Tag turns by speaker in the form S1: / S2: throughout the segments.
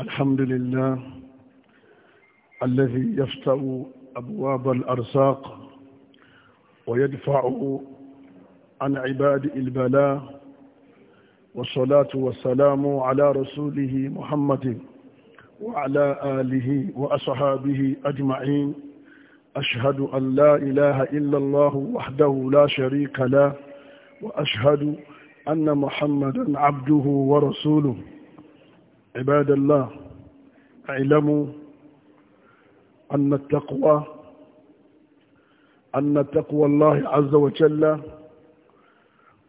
S1: الحمد لله الذي يفتأ أبواب الأرزاق ويدفع عن عباد البلاء والصلاة والسلام على رسوله محمد وعلى آله وأصحابه أجمعين أشهد أن لا إله إلا الله وحده لا شريك له وأشهد أن محمدا عبده ورسوله عباد الله اعلموا أن التقوى أن تقوى الله عز وجل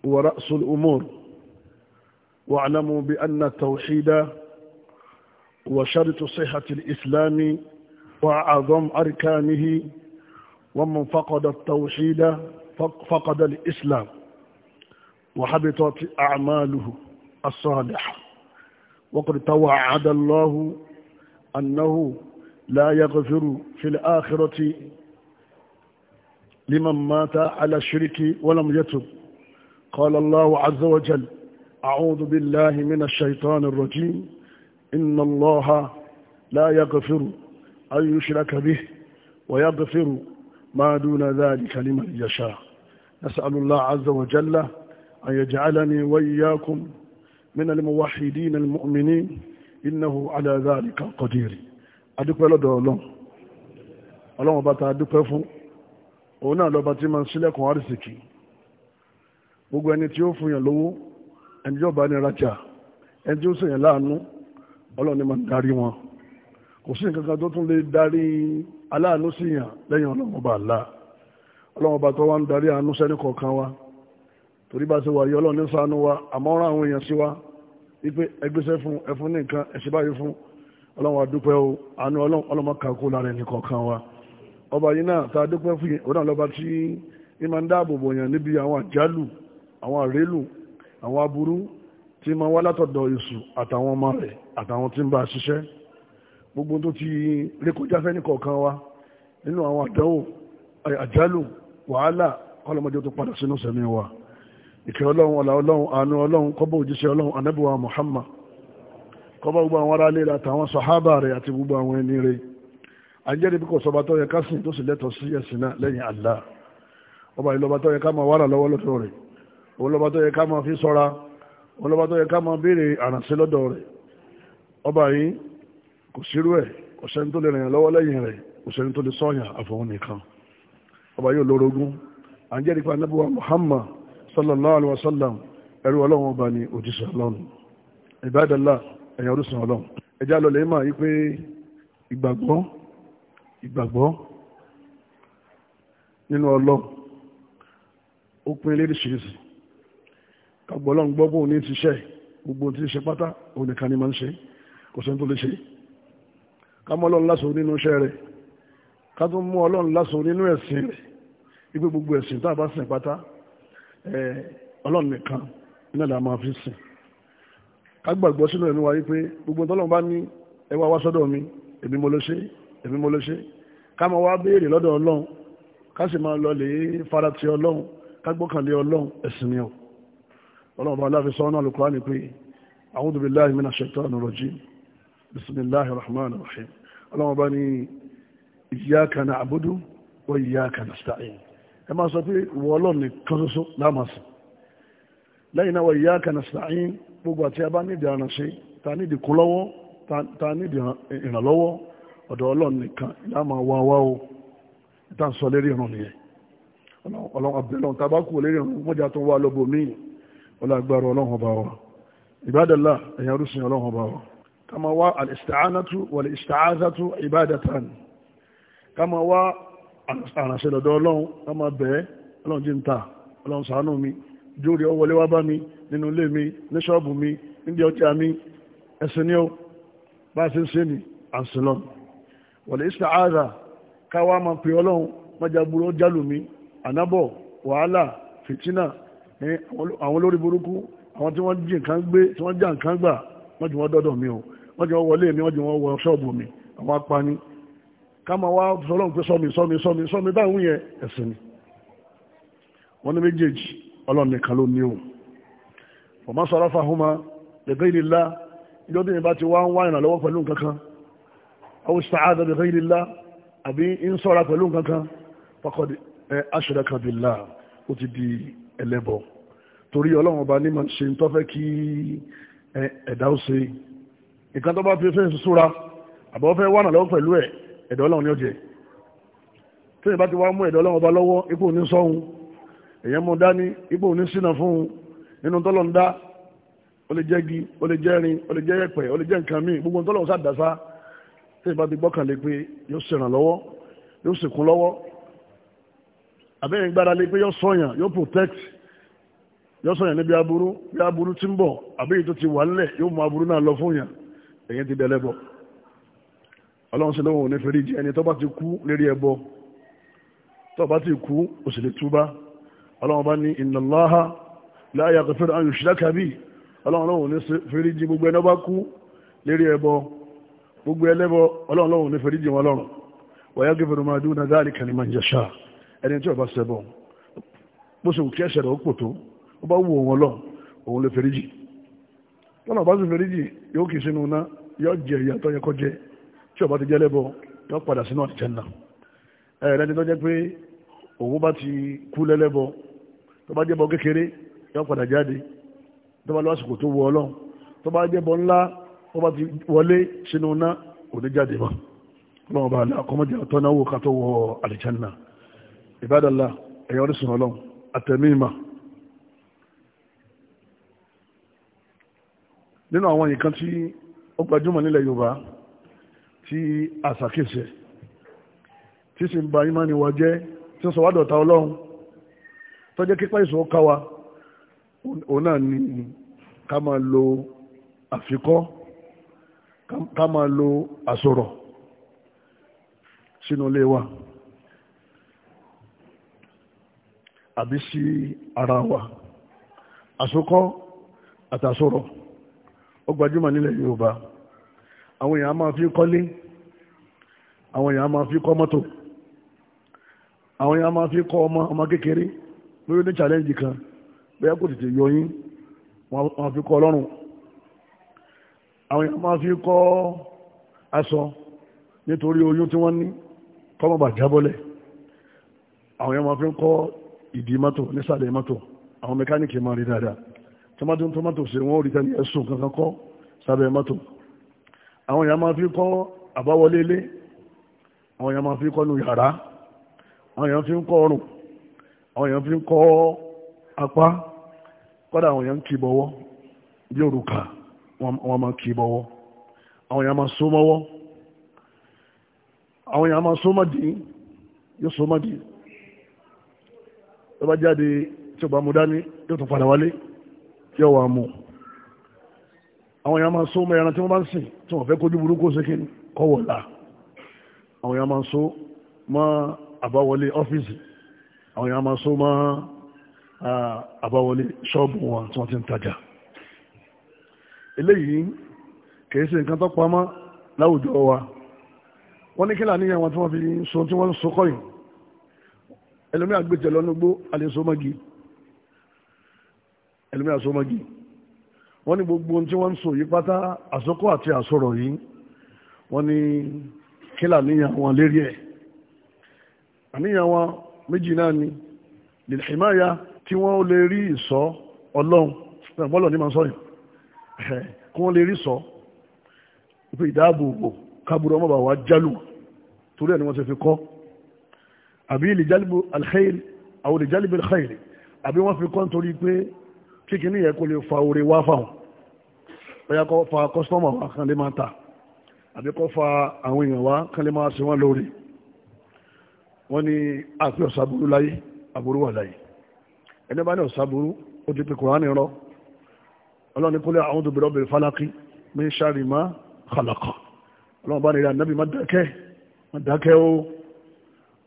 S1: هو رأس الأمور واعلموا بأن التوحيد هو شرط صحة الإسلام وأعظم أركانه ومن فقد التوحيد فقد الإسلام وحبطت أعماله الصالحة وقد توعد الله أنه لا يغفر في الآخرة لمن مات على الشرك ولم يتب قال الله عز وجل أعوذ بالله من الشيطان الرجيم إن الله لا يغفر أن يشرك به ويغفر ما دون ذلك لمن يشاء نسأل الله عز وجل أن يجعلني وإياكم من الموحدين المؤمنين إنه على ذلك قدير adúpẹ́ lọ́dọ̀ ọlọ́run ọlọ́run ọba tá a dúpẹ́ fún òun náà lọ́ba tí máa ń sílẹ̀kùn àrísìkì gbogbo ẹni tí ó fún yàn lówó ẹni tí ó bá ní rajà ẹni tí ó sèyàn láàánú ọlọ́run ni máa ń darí wọn kò sí nǹkan kan tó tún lè darí aláàánú sí yàn lẹ́yìn ọlọ́run ọba àlá ọlọ́run ọba tó wá ń darí àánú sẹ́ni kọ̀ọ̀kan wa torí bá ṣe wà yí ọlọ́run ní ṣàánú wa àmọ́ ọ̀rọ̀ àwọn èèyàn sí wa Ipe ẹgbẹ́sẹ̀ fún ẹfún ní nǹkan ẹ̀ṣẹ̀ báyìí fún ọlọ́run àdúpẹ́ o àánú ọlọ́mọ kankó lára ẹnì kọ̀ọ̀kan wa ọba yìí náà ta dúpẹ́ fún yìí ọ̀dà lọ́ba tí ní máa ń dáàbò bò yàn níbi àwọn àjálù àwọn àrélù àwọn aburú tí máa wá látọ̀dọ̀ èṣù àtàwọn ọmọ rẹ̀ àtàwọn tí ń bá a ṣiṣẹ́ gbogbo tó ti rékọjá fẹ́ni kọ̀ọ̀kan wa nínú àwọn àdánwò àjálù wàhálà ọlọ́mọdé tó padà sínú sẹ́mi wa ìkẹ́ ọlọ́run ọlá ọlọ́run àánú ọlọ́run kọ́bọ̀ òjíṣẹ́ ọlọ́run anábíwá Muhammad kọ́bọ̀ gbogbo àwọn aráalé àtàwọn sàhábà rẹ̀ àti gbogbo àwọn ẹni rẹ̀ ajẹ́rìí bí kò sọba tó yẹ ká sìn tó sì lẹ́tọ̀ọ́ sí ẹ̀sìn náà lẹ́yìn Allah ọba ìlọba tó yẹ ká máa wára lọ́wọ́ lọ́tọ̀ rẹ̀ olọba tó yẹ ká máa fi sọ́ra olọba tó yẹ ká máa béèrè àrànṣẹ́ lọ́dọ̀ rẹ̀ ọba yìí kò sírú ẹ̀ kò sẹ́ni tó lè rìn lọ́wọ́ lẹ́yìn rẹ̀ kò tó lè sọ́yàn àfọwọ́n nìkan ọba yóò lórogún ajẹ́rìí pa anábíwá Muhammad sallallahu alaihi wasallam ẹ̀rù ọlọ́run ọba ni òjíṣẹ́ ọlọ́run ìbádọ́lá ẹ̀yàn orísun ọlọ́run ẹjá lọlẹ̀ mà yí pé ìgbàgbọ́ ìgbàgbọ́ nínú ọlọ́run ó pín léríṣiríṣi kàgbọ́ ọlọ́run gbọ́ bóun ní ti ṣe gbogbo ti ṣe pátá òun nìkan ni máa ń ṣe kò sẹ́ni tó lè ṣe ẹ̀sìn rẹ̀ sìn pátá ọlọ́run nìkan iná la máa fi sìn ká gbàgbọ́ sínú ẹ̀mí wa wípé gbogbo tọ́lọ́run bá ní ẹ wá wá sọ́dọ̀ mi èmi mo ló ṣe èmi mo ló ṣe ká máa wá béèrè lọ́dọ̀ ọlọ́run ká sì máa lọ lè fara ti ọlọ́run ká gbọ́kànlé ọlọ́run ẹ̀sìn ni ọ ọlọ́run bá aláfi sọ ọ́nà àlùkò ánì pé a'udhu billahi minash shaitani rajim bismillahir Rahman, rahim ọlọ́run bá ní iyyaka na'budu wa iyyaka nasta'in ẹ máa sọ pé ìwọ ọlọ́run nìkan ṣoṣo láàmásì lẹ́yìn náà ìyá kanasàáyín gbogbo àti abá nídìí aránṣẹ́ ta nídìí kún lọ́wọ́ ta nídìí ìrànlọ́wọ́ ọ̀dọ̀ ọlọ́run nìkan láàmà wá wá o níta ń sọ lérí ìrun nìyẹn ọlọ́run abẹ́lọ́run tá bá kú lérí ìrun mọ́jà tó wá lọ́bọ̀ míì ọlágbára ọlọ́run ọba wa ìbádàlá ẹ̀yà rúṣin ọlọ́run ọba wa kama wá al-isti'anatu wal-isti'azatu ibadatan wá àrànṣẹ́ lọ́dọ̀ ọlọ́run ká máa bẹ̀ẹ́ ọlọ́run jí ń ta ọlọ́run ṣàánú mi jórí ọ wọlé wá bá mi nínú ilé mi ní ṣọ́ọ̀bù mi níbi ọjà mi ẹ̀sìn ni ó bá a ṣe ń ṣe ni à ń sin lọ. wọ̀lẹ̀ ìṣàáza káwá máa pè ọlọ́run mọ́jà burú ó jálù mi ànábọ̀ wàhálà fìtínà àwọn olórí burúkú àwọn tí wọ́n jí nǹkan gbé tí wọ́n já nǹkan gbà wọ́n jù wọ́n dọ́dọ̀ mi o wọ́n jù wọ́n wọlé mi wọ́n jù wọ́n wọ ṣọ́ọ̀bù mi àwọn apani Kama máa wá sọlọ́run pé sọmi sọmi sọmi sọmi dáhùn yẹn ẹ̀sìn ni wọ́n ní méjèèjì ọlọ́run nìkan ló ní o ọmọ sọ̀rọ̀ fàhùnmá lẹ́gbẹ́ ìlélá ìjọ tí ìbá ti wá ń wá ìrànlọ́wọ́ pẹ̀lú nǹkankan ọwọ́ sàádà lẹ́gbẹ́ ìlélá àbí ń sọ̀rọ̀ pẹ̀lú nǹkankan faqad ashraka billah ó ti di ẹlẹ́bọ torí ọlọ́run ọba ní màá ṣe ń tọ́fẹ́ kí ẹ̀dá ó ṣe nǹkan tó bá fi fẹ́ súra àbọ̀ fẹ́ wá ìrànlọ́wọ́ pẹ̀lú ẹ̀ ẹ̀dọ̀ ọlọ́run ní ọjẹ́ tí ìbá ti wá mú ẹ̀dọ̀ ọlọ́run ọba lọ́wọ́ ipò ní sọ́hun èyàn mú dání ipò ní sínà fún un nínú tọ́lọ̀ ń dá ó lè jẹ́ ó lè jẹ́ ó lè jẹ́ ó lè jẹ́ nǹkan míì gbogbo tọ́lọ̀ sá dàsá tí ìbá ti gbọ́kànlé pé yóò ṣèràn lọ́wọ́ yóò sìnkún lọ́wọ́ àbẹ́yìn gbára lé pé yóò sọ̀yàn yóò protect yóò sọ̀yàn níbi aburú bí aburú ti ń bọ̀ àbẹ́yìn tó ti wà ńlẹ̀ yóò mú aburú náà lọ fún yàn èyí ti dẹlẹ́bọ̀ ọlọ́run sí lọ́wọ́ onífẹ́rí jẹ́ ẹni tó bá ti kú lérí ẹbọ tó bá ti kú òsìlè túbá ọlọ́run bá ní inna Allaha la yaghfiru an yushraka bihi ọlọ́run lọ́wọ́ onífẹ́rí jẹ́ gbogbo ẹni bá kú lérí ẹbọ gbogbo ẹlẹ́bọ ọlọ́run lọ́wọ́ onífẹ́rí jẹ́ wọn lọ́run wa yaghfiru ma duna dhalika liman yasha ẹni tí ó bá ṣẹbọ bó ṣe yóò kì sínú ná yóò jẹ ìyàtọ̀ yẹ kọ́ tí ọba ti jẹ́ lẹ́bọ̀ yóò padà sínú àlìjẹ́nà ẹ̀rẹ́ni tó jẹ́ pé òun bá ti kú lẹ́lẹ́bọ̀ tó bá jẹ́bọ kékeré yóò padà jáde tó bá lọ́sìkò tó wọ ọlọ́run tó bá jẹ́bọ ńlá tó bá ti wọlé sínú ná òní jáde mọ́ ọlọ́run bá akọ́mọdé àtọ́náwó ká tó wọ àlìjẹ́nà ìbádàlá ẹ̀yọ́ orísun ọlọ́run àtẹ̀mí ìmọ̀ nínú àwọn nǹkan tí ó gbajúmọ̀ nílẹ̀ Yorùbá tí àṣàkèṣe tí sì ń ba ìmánì wa jẹ́ tí ń kipa wá dọ̀tá ọlọ́run tó jẹ́ kípa òun náà ni ká lo àfikọ́ ká lo àsọ̀rọ̀ sínú ilé wa àbí sí ara wa àsokọ́ àtàsọ̀rọ̀ ó gbajúmọ̀ nílẹ̀ Yorùbá àwọn èèyàn máa fi kọ́lé àwọn èèyàn máa fi kọ́ mọ́tò àwọn èèyàn máa fi kọ́ ọmọ ọmọ kékeré lórí ní challenge kan bẹ́ẹ̀ kò tètè yọ yín wọ́n fi kọ́ ọlọ́run àwọn èèyàn máa fi kọ́ aṣọ nítorí oyún tí wọ́n ní kọ́mọ̀ bà jábọ́lẹ̀ àwọn èèyàn máa fi kọ́ ìdí mọ́tò nísàlẹ̀ mọ́tò àwọn mẹkáníkì máa rí dáadáa tomato tomato ṣe wọ́n rí tẹ́lẹ̀ ẹ̀sùn kankan kọ́ sábẹ́ mọ́tò àwọn èèyàn máa fi kọ́ àbáwọlé ilé àwọn èèyàn máa fi kọ́ nu yàrá àwọn èèyàn fi ń kọ́ ọrùn àwọn èèyàn fi ń kọ́ apá kọ́dà àwọn èèyàn ń kì bọ́wọ́ bí òrùka wọ́n máa kì bọ́wọ́ àwọn èèyàn máa sómọ́wọ́ àwọn èèyàn máa sómọ́dì yóò sómọ́dì tó bá jáde tí ó bá mú dání yóò tún padà wálé yóò wà mú àwọn èèyàn máa so mọ ẹran tí wọ́n bá ń sìn tí wọ́n fẹ́ kójú burúkú ṣe kí kọ́wọ̀ la àwọn èèyàn máa so mọ́ àbáwọlé ọ́fíìsì àwọn èèyàn máa so mọ́ àbáwọlé ṣọ́ọ̀bù wọn tí wọ́n ti ń tajà eléyìí kìí ṣe nǹkan tó pamọ́ láwùjọ wa wọ́n ní kílà níyàn wọn tí wọ́n fi so tí wọ́n ń so kọ́yìn ẹlòmíà gbé tẹ̀lọ́nugbó àlè ẹlòmíà so wọ́n ní gbogbo ohun tí wọ́n ń sọ yìí pátá àsọkọ àti àsọ̀rọ̀ yìí wọ́n ní kílà níyàn wọn lérí ẹ̀ àníyàn wọn méjì náà ni lìlìmáyà tí wọ́n lè rí ìsọ ọlọ́run bọ́lọ̀ ní máa sọ yìí kí wọ́n lè rí sọ pé ìdáàbòbò kábùrọ̀ ọmọ bàwá jálù torí ẹ̀ ni wọ́n ti fi kọ́ àbí ìlìjálìbò alkhair àwọn ìlìjálìbò alkhair àbí wọ́n fi kọ́ nítorí pé kíkiní yẹ kó lè fa oore wá fáwọn bóyá kọ́ fa kọ́sítọ́mà wa kan lè máa ta àbí kọ́ fa àwọn èèyàn wa kan lè máa ṣe wọ́n lórí wọ́n ní àfi ọ̀sà burú láyé àbúrú wà láyé ẹni bá ní ọ̀sà burú ó ti pe kùránì rọ ọlọ́run ní kólé àwọn tóbi rọ́bìnrin fálákì mi ń ṣàrì má kàlàkà ọlọ́run bá nílẹ̀ ànábì má dákẹ́ má dákẹ́ ó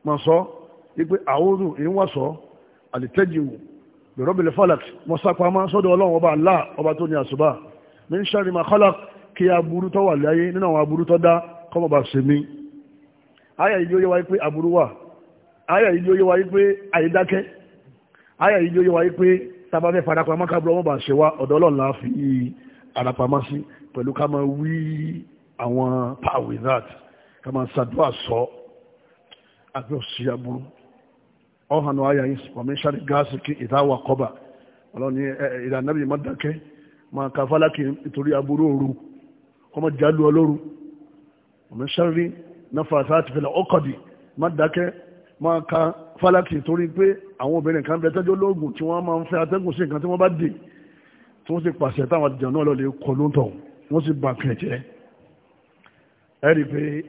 S1: má sọ wípé àwòrán ìyẹn wà sọ àlìtẹ́jìwò bẹ̀rọ̀bìnrin fálákì mọ́sápamọ́ sọ́dọ̀ ọlọ́run ọba àlá ọba tó ní àṣùbà min sharri ma khalaq kí aburú tó wà láyé nínú àwọn aburú tó dá kọ́mọ̀ bá ṣe mí àyà yìí yóò yé wáyé pé aburú wà àyà yìí yóò yé wáyé pé àyídákẹ́ àyà yìí yóò yé wáyé pé tábàfẹ́ farapamọ́ kábúrò ọmọ bá ṣe wá ọ̀dọ́ ọlọ́ọ̀lá fi àrapamọ́ sí pẹ̀lú ká máa wí àwọn power that ká máa ṣàdúrà sọ àbí òsì aburú ọ̀hánú àyà yìí pọ̀mí sáré gáàsì kí ìdáwà kọ́bà ọlọ́ni ìdànàbì mọ́dákẹ́ Ma ka fálákì nítorí aburú òru ọmọ jálù ọlọ́run ọmọ sáré náfà sáàtì fẹ́lẹ̀ ọkọ̀dì má dákẹ́ máa ka fálákì torí pé àwọn obìnrin kan bẹ tẹ́jọ́ lóògùn tí wọ́n máa ń fẹ́ atẹ́gùn sí nǹkan tí wọ́n bá dè tí wọ́n sì pàṣẹ táwọn àdìjọ náà lọ lè kọ lóńtọ̀ wọ́n sì bà kẹ̀kẹ́ ẹ rí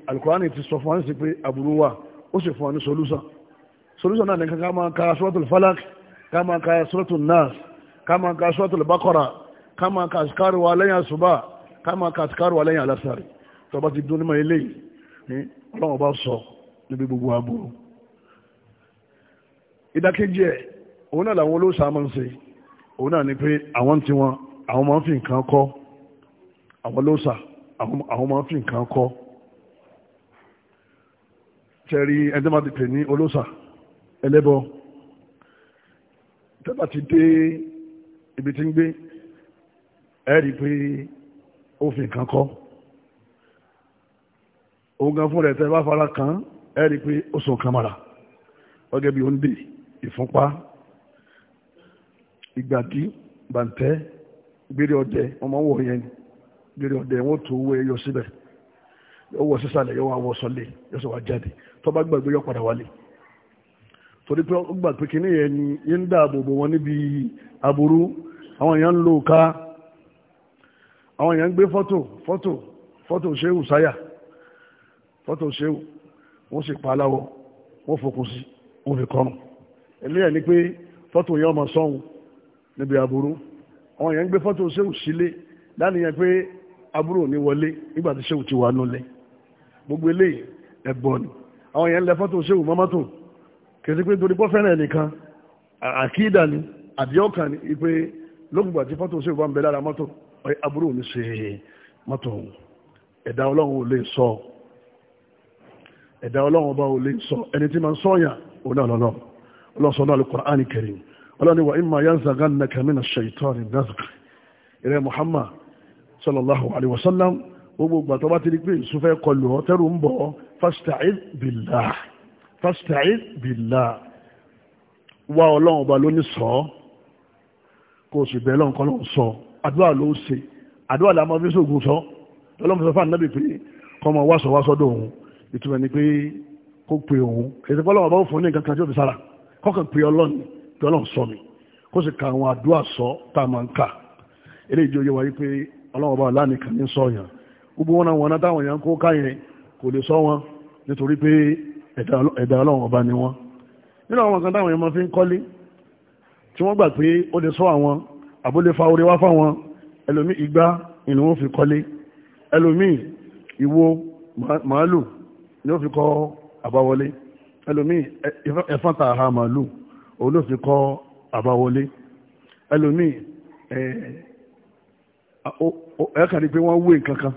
S1: alukurani ti sọ fún wa sí pé aburú wà ó sì fún wa ní solúsàn solúsàn náà ní ká máa ka suratul falak ká máa ka suratul nas ká máa ka suratul bakara Kama máa ka àsìkárò wa lẹ́yìn àṣùbà ká máa ka àsìkárò wa lẹ́yìn àlásàrì tó bá ti dún nímọ̀ ilé yìí ọlọ́run bá sọ níbi gbogbo aburú ìdákejì ẹ̀ òun náà làwọn olóòsàn máa ń ṣe òun náà ni pé àwọn tí wọn àwọn máa ń fi nǹkan kọ́ àwọn olóòsàn àwọn máa ń fi nǹkan kọ́ tẹ̀rí ẹjọ́ máa ti pè ní olóòsàn ẹlẹ́bọ tẹ́bà ti dé ibi tí ń gbé ẹ̀rí pé ó fi nǹkan kọ́ òun fún bá fara kan ẹ̀rí pé ó sọ nǹkan mara ọgẹ́ bí òun dè ìfúnpá ìgbàdí bàǹtẹ́ gbére ọdẹ ọmọ wọ̀ yẹn gbére ọdẹ wọn tó wọ ẹyọ síbẹ̀ O wọ sísàlẹ̀ yóò wá wọ sọlẹ̀ yóò sọ wá jáde tó bá gbàgbé yóò padà wálé torí pé ó gbà pé kínní yẹn ni yín dáàbò bò wọn níbi aburú àwọn èèyàn ń àwọn èèyàn ń gbé fọ́tò fọ́tò fọ́tò ṣéwù sáyà fọ́tò ṣéwù wọ́n sì pa aláwọ̀ wọ́n fòkun sí wọ́n fi kọrùn eléyà ni pé fọ́tò yẹn ọmọ sọ́hun níbi aburú àwọn èèyàn ń gbé fọ́tò ṣéwù sílé láníyàn pé aburú ò ní wọlé nígbà tí ṣéwù ti wà nulẹ̀ gbogbo eléyìí ẹ̀bọ ni àwọn èèyàn ń lẹ fọ́tò ṣéwù mọ́mọ́tò kìí pé torí bọ́fẹ́rẹ́ nìkan àkídà ni àdíọ́kàn ni ìpè lókùngbà tí fọ́tò ṣéwù bá ń bẹ àbúrò mi ṣe mọ́tò ẹ̀dá ọlọ́run ò lè sọ ẹ̀dá ọlọ́run ọba ò lè sọ ẹni tí máa ń sọ́yàn òun náà lọ́lọ́ ọlọ́sọ náà al-Qur'an Karim ọlọ́ni wa imma yanzaghannaka mina ash-shaytani nazgh ìrẹ́ Muhammad sallallahu alayhi wa sallam gbogbo ìgbà bá ti rí pé ìsúfẹ́ kọlù ọ tẹ́rù ń bọ̀ fasta'id billah fasta'id billah wá ọlọ́run ọba ló ní sọ kó o sì bẹ́ẹ̀ lọ́nkọ́ lọ́n sọ àdúrà ló ṣe àdúrà làmọ́ fi sóògùn sọ ọlọ́mọ sọfà nàbì pé kọ́mọ wàṣọ wàṣọ òun ìtumọ̀ ni pé kó pe òun èsì pọ́lọ́mọ bá fún ní nǹkan kan tí ó fi sára kọ́kàn pe ọlọ́run pé ọlọ́run sọ mi kó sì ka àwọn àdúrà sọ tá a máa ń kà eléyìí jẹ́ òye wáyé pé ọlọ́run bá láàánú kan ní sọ̀yàn gbogbo wọn náà wọn náà kó káyẹn kò lè sọ wọn nítorí pé ẹ̀dá ọlọ́run ọba ni wọn nínú àwọn kan táwọn èèyàn máa fi ń kọ́lé tí wọ́n gbà pé ó lè sọ àwọn àbúlé fa orí wá fáwọn ẹlòmí igbá ni wọ́n fi kọ́lé ẹlòmí ìwo màálù ni ó fi kọ́ àbáwọlé ẹlòmí ẹ̀fọn tààrà màálù òun ló fi kọ́ àbáwọlé ẹlòmí ẹ̀ẹ́kà ni pé wọ́n wé nǹkan kan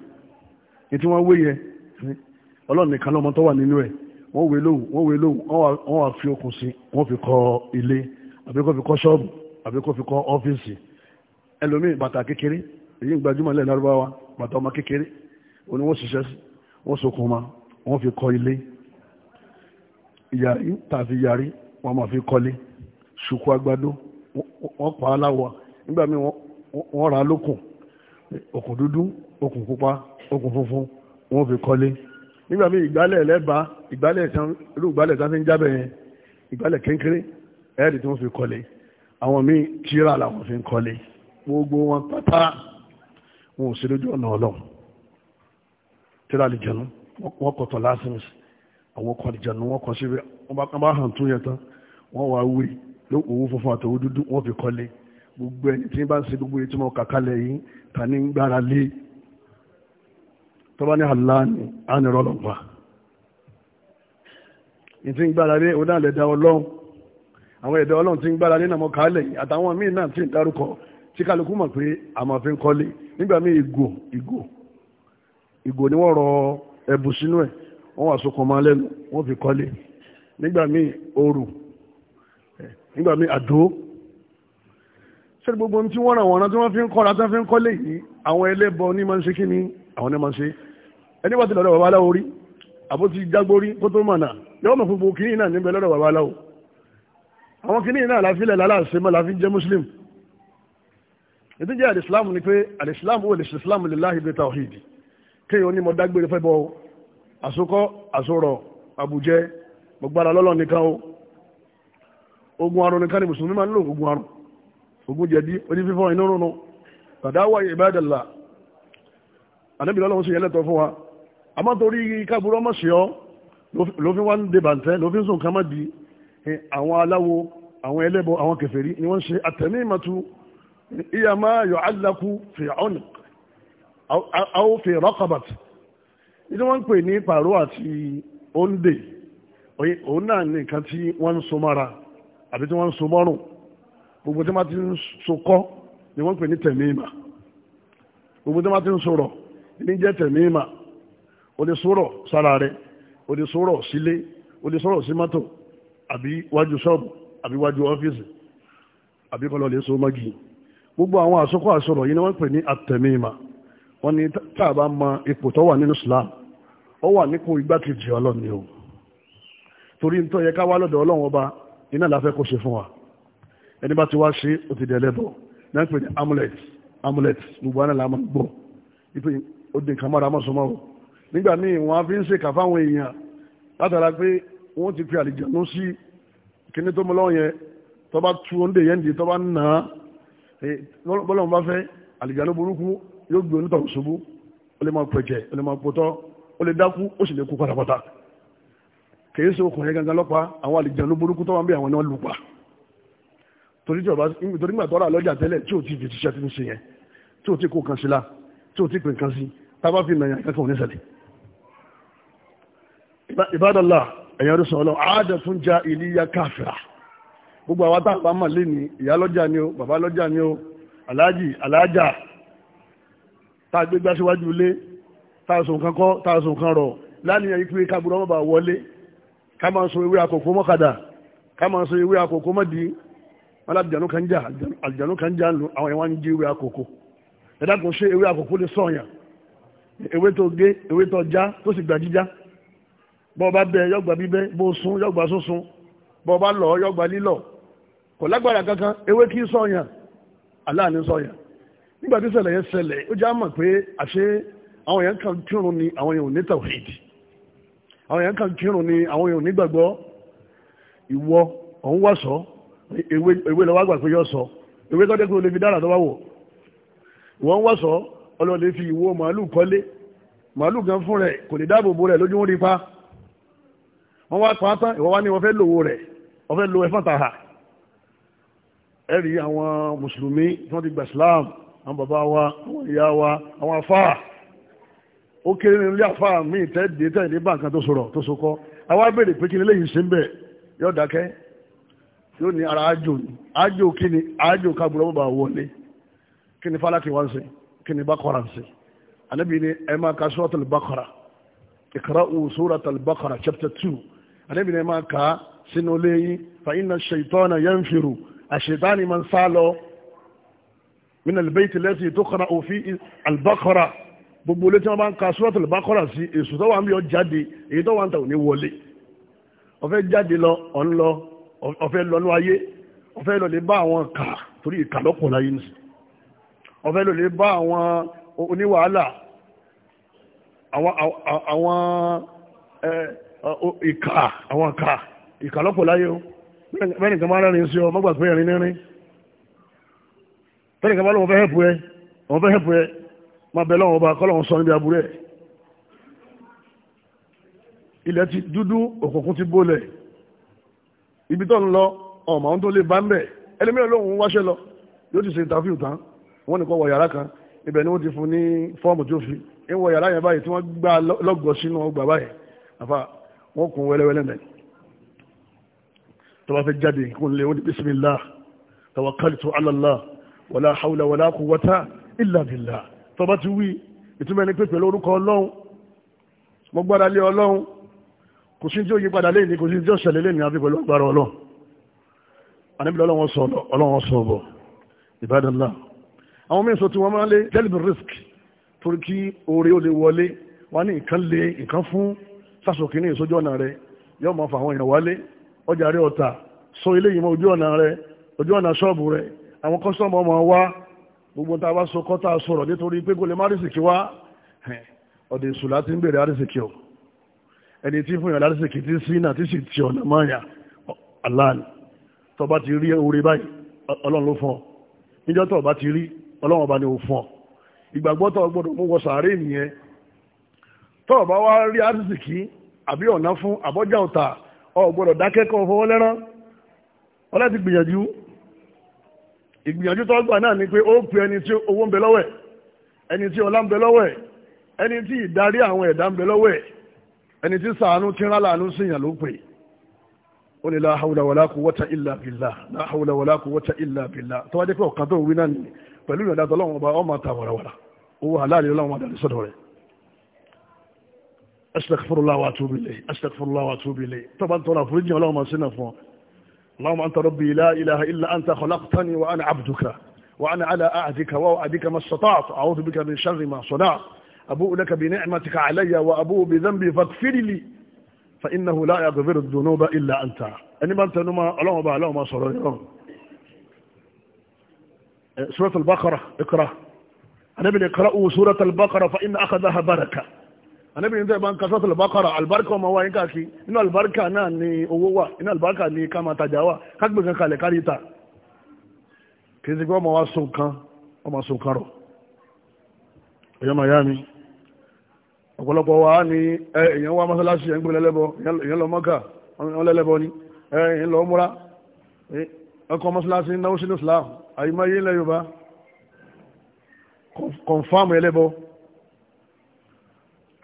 S1: ní tí wọ́n wé yẹ ọlọ́run nìkan lọ́mọ tó wà nínú ẹ̀ wọ́n wé lóhùn wọ́n wé lóhùn wọ́n wá fi okùn sí wọ́n fi kọ́ ilé àbí fi kọ́ ṣọ́ọ̀bù àbí fi kọ́ ọ́fíìsì ẹlòmíì bàtà kékeré èyí ń gbajúmọ̀ lẹ́nu arúgbáwá bàtà ọmọ kékeré òní wọ́n ṣiṣẹ́ sí wọ́n sokùn ma wọ́n fi kọ́ ilé yàrí tàfi yàrí wọ́n máa fi kọ́lé ṣùkú àgbàdo wọ́n pa aláwọ̀ nígbà míì wọ́n ra lókùn òkùn dúdú òkùn pupa òkùn funfun wọ́n fi kọ́lé nígbà míì ìgbálẹ̀ lẹ́bàá ìgbálẹ̀ tán irú ìgbálẹ̀ tán ti ń jábẹ̀ yẹn ìgbálẹ̀ kékeré ẹ̀ẹ́dì tí wọ́n fi kọ́lé àwọn míì tíra làwọn fi ń kọ́lé. gbogbo wọn pátá wọn ò sí lójú ọ̀nà ọlọ́run lè àlìjẹ̀nu wọn kọ̀ tọ̀ àwọn ọkọ̀ àlìjẹ̀nu wọn kọ̀ síbẹ̀ wọ́n bá hàn tún yẹn tán wọ́n wá ló owó funfun dúdú wọn fi gbogbo ẹni tí bá ń gbogbo ta ní gbára lé tọ́ba ní ń gbára ti ń gbára lé àtàwọn míì ti ń tí kálukú mọ̀ pé àmọ̀fin kọ́lé nígbà míì ìgò ìgò ìgò ni wọ́n rọ ẹ̀bù sínú ẹ̀ wọ́n wà sókun máa lẹ́nu wọ́n fi kọ́lé nígbà míì òrù nígbà míì àdó sẹ́ni gbogbo tí wọ́n ràn wọ́n rán tí wọ́n fi ń kọ́ra tí wọ́n fi ń kọ́lé yìí àwọn ẹlẹ́bọ ní máa ń ṣe kí ni àwọn ẹ̀ máa ń ṣe ẹni wàá ti lọ́dọ̀ bàbá aláwo rí àbó ti jágbórí kó tó mọ̀nà yọ́ọ́ mọ̀ gbogbo kìnìún níbẹ̀ lọ́dọ̀ bàbá aláwo àwọn kìnìún náà láfi lẹ̀ lálàá mọ́ láfi jẹ́ mùsùlùmí ìdíjẹ́ àdìsílámù ni pé àdìsílámù wòlè ìsìlámù lillahi bi tawhidi kí o ní mo dágbére fẹ́ bọ́ àsokọ́ àsorọ̀ àbújẹ́ gbogbo lọ́lọ́ nìkan o ogun arun nìkan ni mùsùlùmí máa ń lò ogun arun ogun jẹ̀dí oní fífọ́ inú rúnú tàdáwà ìbádàlá ànábì lọ́lọ́run sí ẹlẹ́tọ̀ fún wa a máa torí kábúrọ́ mọ̀ sí ọ ló fi wá ń de bàǹtẹ́ ló fi ń sùn ká má di àwọn aláwo àwọn ẹlẹ́bọ àwọn kèfèrí ni wọ́n ń ṣe àtẹ̀mí ìmọ̀tú هي ما يعلق في عنق أو, أو في رقبة إذا wọ́n pè ní pàrọ̀ àti ondè òun náà ní nǹkan so mọ́ra àbí tí wọ́n so mọ́rùn gbogbo tí wọ́n ti so kọ́ ni wọ́n pè ní tẹ̀míìmà gbogbo tí wọ́n ti ń sọ̀rọ̀ ní jẹ́ tẹ̀míìmà o lè sọ̀rọ̀ sára rẹ̀ o lè o gbogbo àwọn àsọkọ àsọ̀rọ̀ yìí ni wọ́n pè ní àtẹ̀míìmà wọ́n ní tàbá mọ ipò tó wà nínú Islam ó wà nípò igbákejì Ọlọ́run ni o torí ń tó yẹ ká wá lọ́dọ̀ Ọlọ́run ọba iná la fẹ́ ṣe fún wa ẹni bá ti wá ṣe ó ti dẹ̀ lẹ́bọ̀ náà ń pè ní amulet amulet gbogbo àná làá máa gbọ́ ipe ó di nǹkan mọ́ra mọ́sọ́mọ́ o nígbà míì wọ́n á fi ń ṣe kà fáwọn èèyàn látara pé wọ́n ti fi àlìjànú sí kíní tó mú lọ́wọ́ yẹn tó bá tu ó yẹn dì tó bá ń nà á bọ́lọ́run bá fẹ́ àlìjáde burúkú yóò gbé onítọ̀hún ṣubú ó lè máa pẹ̀jẹ̀ ó lè máa pòtọ́ ó lè dákú ó sì lè kú pátápátá kìí ṣe okùnrin gangan lọ́pàá àwọn àlìjáde burúkú tó wà ń bí àwọn náà lù pa torí tí ọba torí gbà tọ́ra lọ́jà tẹ́lẹ̀ tí ò ti fi ṣiṣẹ́ tí ń ṣe yẹn tí ò ti kó kan sí la tí ò ti pè kan sí tábà fi nàyàn kankan ò ní ṣẹlẹ̀ ìbádọ́lá ẹ̀yàn rẹ̀ sọ̀rọ̀ àádọ́ tún gbogbo àwọn táàpá mà lè ní ìyá lọ́jà ni o bàbá lọ́jà ni o aláàjì aláàjà tá a gbé gbá síwájú ilé tá a sùn kan kọ́ tá a sùn kan rọ̀ lánìyàn yìí pé kábùrọ̀ mọ́ba wọlé ká máa so ewé àkókò mọ́kadà ká máa so ewé àkókò mọ́dí wọn láti jànú kan jà àlùjànú kan jà ń lu àwọn ẹ̀wọ̀n ń jí ewé àkókò ẹ̀dá kan ṣe ewé àkókò lè sọ̀yàn ewé tó gé ewé tó já tó sì gbà jíjá bọ́ọ̀ bá bẹ yọ̀gbà bíbẹ́ bó sun yọ̀gbà sunsun bọ́ọ̀ bá lọ yọ̀gbà lílọ̀ kò lágbára kankan ewé kí sọyàn Allah ni sọyàn nígbà tí ṣẹlẹ̀ yẹn ṣẹlẹ̀ ó já mọ̀ pé àṣé àwọn èèyàn kan kírun ni àwọn èèyàn ò ní tawhid àwọn èèyàn kan kírun ni àwọn èèyàn ò ní gbàgbọ́ ìwọ òun wà sọ ewé lọ wá gbà pé yọ sọ ewé tó dẹ́kun olè fi dára tó wá wò ìwọ ń wà sọ ọlọ́ọ̀lẹ́ fi ìwo màálù kọ́lé màálù gan fún rẹ̀ kò lè dáàbò bo rẹ̀ lójú ń rí pa wọ́n wá pa tán ìwọ wá ní wọ́n fẹ́ lòwò rẹ̀ wọ́n fẹ́ lo ẹ̀fọ́n tàhà ẹ̀rí àwọn mùsùlùmí tí wọ́n ti gba Islam àwọn bàbá wa àwọn ìyá wa àwọn afáà ó kéré ní ilé àfáà míì tẹ́ẹ̀dé tẹ́ẹ̀dé bá nǹkan tó sọ̀rọ̀ tó so kọ́ àwa béèrè pé kí ni léyìí ṣe ń bẹ̀ yóò dákẹ́ yóò ní ara ájò ni ájò kí ni ájò kábùrọ̀ bàbá wọlé kí ni fálákì wá ń ṣe kí ni bákọ́ra ń ṣe ànábì ni ẹ máa ka suratul bákọ́ra ikra'u suratul bákọ́ra chapter two ànábì ni ẹ máa ka sínú léyìn fa inna àṣetánì máa ń sá lọ min albayt lẹ́sì tó kọ́ra òfin albakora gbogbo olóòtú wọn bá ń ka suratul albakora sí èso tó wà ń yọ jáde èyí tó wà ń ta ò ní wọlé ọ̀fẹ́ jáde lọ ọ̀n lọ ọ̀fẹ́ lọ́nú ayé ọ̀fẹ́ lọ lè bá àwọn kà torí ìkàlọ́pọ̀ láyé nìsí ọ̀fẹ́ lọ lè bá àwọn oníwàhálà àwọn ìkà àwọn kà ìkàlọ́pọ̀ láyé o bẹ́ẹ̀ni kan máa rẹ́rìn sí ọ mọ́gbà pé ẹ̀rín nírin bẹ́ẹ̀ni kan máa lọ́wọ́ fẹ́ hẹ́pù ẹ wọ́n fẹ́ hẹ́pù ẹ máa bẹ lọ́wọ́ ọba kọ́lọ́wọ́ sọ níbi aburú ẹ̀ ilẹ̀ ti dúdú òkùnkùn ti bólẹ̀ ibi tó ń lọ ọmọ àwọn tó lè bá ń bẹ̀ ẹlẹ́mìíràn lóhùn wáṣẹ́ lọ yóò ti ṣe ìtàfíù tán wọ́n nìkan wọ yàrá kan ibẹ̀ ni wọ́n ti fún ní fọ́ọ̀mù tó fi ń wọ yàrá yẹn báyìí tí wọ́n gbà lọ́gọ̀ọ́ sínú ọgbà báyìí àfa wọ́n kún wẹ́lẹ́wẹ́lẹ́ mẹ́rin tó bá fẹ́ jáde kó lè wọ́n ní bismillah tawakkaltu ala Allah wala hawla wala quwwata illa billah tó bá ti wí ìtumọ̀ ẹni pé pẹ̀lú orúkọ ọlọ́run mo gbára lé ọlọ́run kò sí tí ó yí padà lé ní kò sí tí ó ṣẹlẹ̀ lé ní àbí pẹ̀lú ọgbàrá ọlọ́run àníbi àwọn mí sọ tí wọ́n máa lé tẹ́lifí risk torí kí oore ó lè wọlé wọ́n ní ìkan lé ìkan fún sásòkínní ìsójú ọ̀nà rẹ̀ yóò máa fa àwọn èèyàn wálé ọjà rẹ ọ̀tà sọ eléyìí ojú ọ̀nà rẹ ojú ọ̀nà ṣọ́ọ̀bù rẹ àwọn kọ́sọ́mù ọmọ wa gbogbo tá bá so kọ́tà sọ̀rọ̀ nítorí pé kò lè má rìsìkì wá ọ̀dẹ̀ èṣù láti ń bèrè àrísìkì ọ̀ ẹni tí fún ìyànlá àrísìkì tí sí náà tí sì ti ọ̀nà máa ti rí oore báyìí ọlọ́run ló níjọ́ ti ọ̀gbọ́dọ̀ dákẹ́kọ̀ọ́ fọwọ́ lẹ́rán ọlá ti gbìyànjú ìgbìyànjú tó gbà náà ni pé ó pe ẹni tí owó ń bẹ lọ́wọ́ ẹ̀ ẹni tí ọlá ń bẹ lọ́wọ́ ẹ̀ ẹni tí ìdarí àwọn ẹ̀dá ń bẹ lọ́wọ́ ẹ̀ ẹni tí sàánú tí rán láàánú sí ìyàn ló pè ó ní la hawla wala quwwata illa billah la hawla tó wá أستغفر الله وأتوب إليه أستغفر الله وأتوب إليه طبعا bá ń tọrọ àforíjì فوق اللهم أنت ربي لا إله إلا أنت خلقتني وأنا عبدك وأنا على أعدك وأعدك ما استطعت أعوذ بك من شر ما صنعت أبوء لك بنعمتك علي وأبوء بذنبي فاغفر لي فإنه لا يغفر الذنوب إلا أنت أني ما أنت نما اللهم بقى اللهم صلى الله سورة البقرة اقرأ أنا بنقرأ سورة البقرة فإن أخذها بركة anábìrin ní tẹ́ẹ̀bá ń ka sọ́tò lọ́bákọ́rọ̀ àlùbáríkà ọmọ wa yín káàkiri inú àlùbáríkà náà ni owó wa ina albarika ni ká máa tajà wà kágbè kan kalẹ̀ kárí ta kì í sì pé ọmọ wa so nǹkan ọmọ so nǹkan rọ̀ ẹ̀yọ́ máa yá mi ọ̀pọ̀lọpọ̀ wa ni èèyàn wá mọ́sálásí ẹ̀ ń gbé lẹ́lẹ́bọ èèyàn lọ mọ́kà wọ́n lẹ́lẹ́bọ ni èèyàn lọ múra ọkọ̀ mọ́sálásí náwó sínú islam àyímáyé ilẹ̀ yorùbá kọ̀ǹfàmù ẹlẹ́bọ